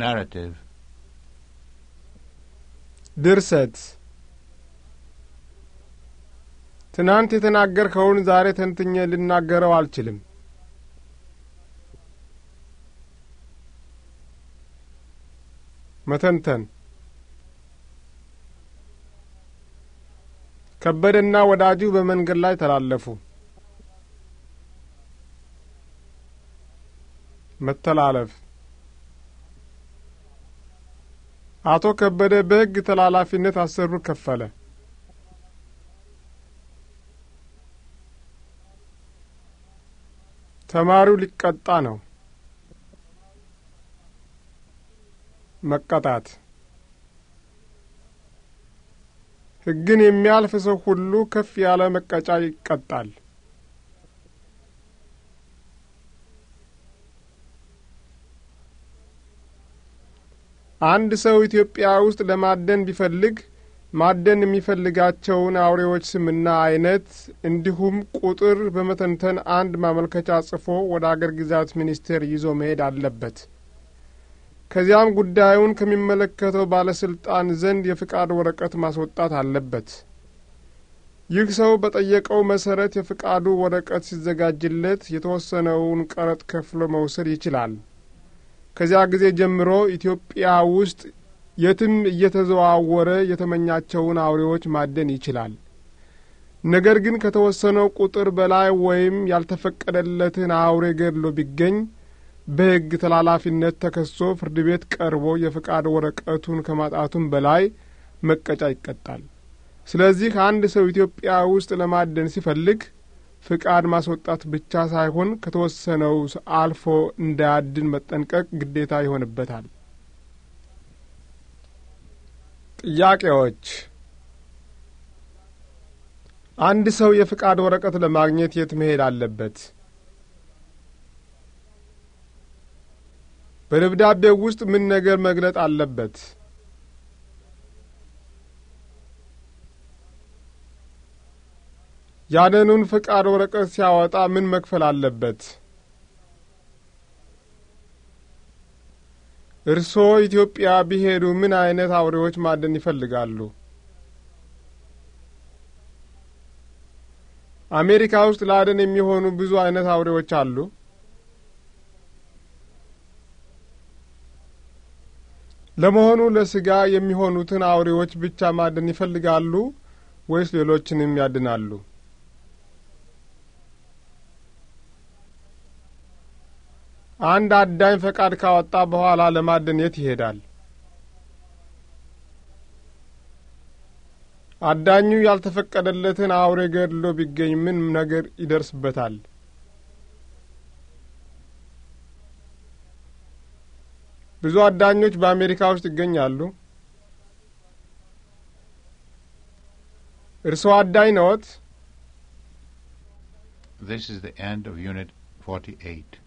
ናራቲቭ ድርሰት ትናንት የተናገርከውን ዛሬ ተንትኜ ልናገረው አልችልም። መተንተን ከበደና ወዳጁ በመንገድ ላይ ተላለፉ። መተላለፍ አቶ ከበደ በሕግ ተላላፊነት አስር ብር ከፈለ። ተማሪው ሊቀጣ ነው። መቀጣት ሕግን የሚያልፍ ሰው ሁሉ ከፍ ያለ መቀጫ ይቀጣል። አንድ ሰው ኢትዮጵያ ውስጥ ለማደን ቢፈልግ ማደን የሚፈልጋቸውን አውሬዎች ስምና አይነት እንዲሁም ቁጥር በመተንተን አንድ ማመልከቻ ጽፎ ወደ አገር ግዛት ሚኒስቴር ይዞ መሄድ አለበት። ከዚያም ጉዳዩን ከሚመለከተው ባለስልጣን ዘንድ የፍቃድ ወረቀት ማስወጣት አለበት። ይህ ሰው በጠየቀው መሰረት የፍቃዱ ወረቀት ሲዘጋጅለት የተወሰነውን ቀረጥ ከፍሎ መውሰድ ይችላል። ከዚያ ጊዜ ጀምሮ ኢትዮጵያ ውስጥ የትም እየተዘዋወረ የተመኛቸውን አውሬዎች ማደን ይችላል። ነገር ግን ከተወሰነው ቁጥር በላይ ወይም ያልተፈቀደለትን አውሬ ገድሎ ቢገኝ በሕግ ተላላፊነት ተከሶ ፍርድ ቤት ቀርቦ የፈቃድ ወረቀቱን ከማጣቱም በላይ መቀጫ ይቀጣል። ስለዚህ አንድ ሰው ኢትዮጵያ ውስጥ ለማደን ሲፈልግ ፍቃድ ማስወጣት ብቻ ሳይሆን ከተወሰነው አልፎ እንዳያድን መጠንቀቅ ግዴታ ይሆንበታል። ጥያቄዎች አንድ ሰው የፍቃድ ወረቀት ለማግኘት የት መሄድ አለበት? በደብዳቤው ውስጥ ምን ነገር መግለጥ አለበት? ያለኑን ፍቃድ ወረቀት ሲያወጣ ምን መክፈል አለበት? እርስዎ ኢትዮጵያ ቢሄዱ ምን አይነት አውሬዎች ማደን ይፈልጋሉ? አሜሪካ ውስጥ ለአደን የሚሆኑ ብዙ አይነት አውሬዎች አሉ። ለመሆኑ ለስጋ የሚሆኑትን አውሬዎች ብቻ ማደን ይፈልጋሉ ወይስ ሌሎችንም ያድናሉ? አንድ አዳኝ ፈቃድ ካወጣ በኋላ ለማደን የት ይሄዳል? አዳኙ ያልተፈቀደለትን አውሬ ገድሎ ቢገኝ ምን ነገር ይደርስበታል? ብዙ አዳኞች በአሜሪካ ውስጥ ይገኛሉ። እርስዎ አዳኝ ነዎት? This is the end of Unit 48.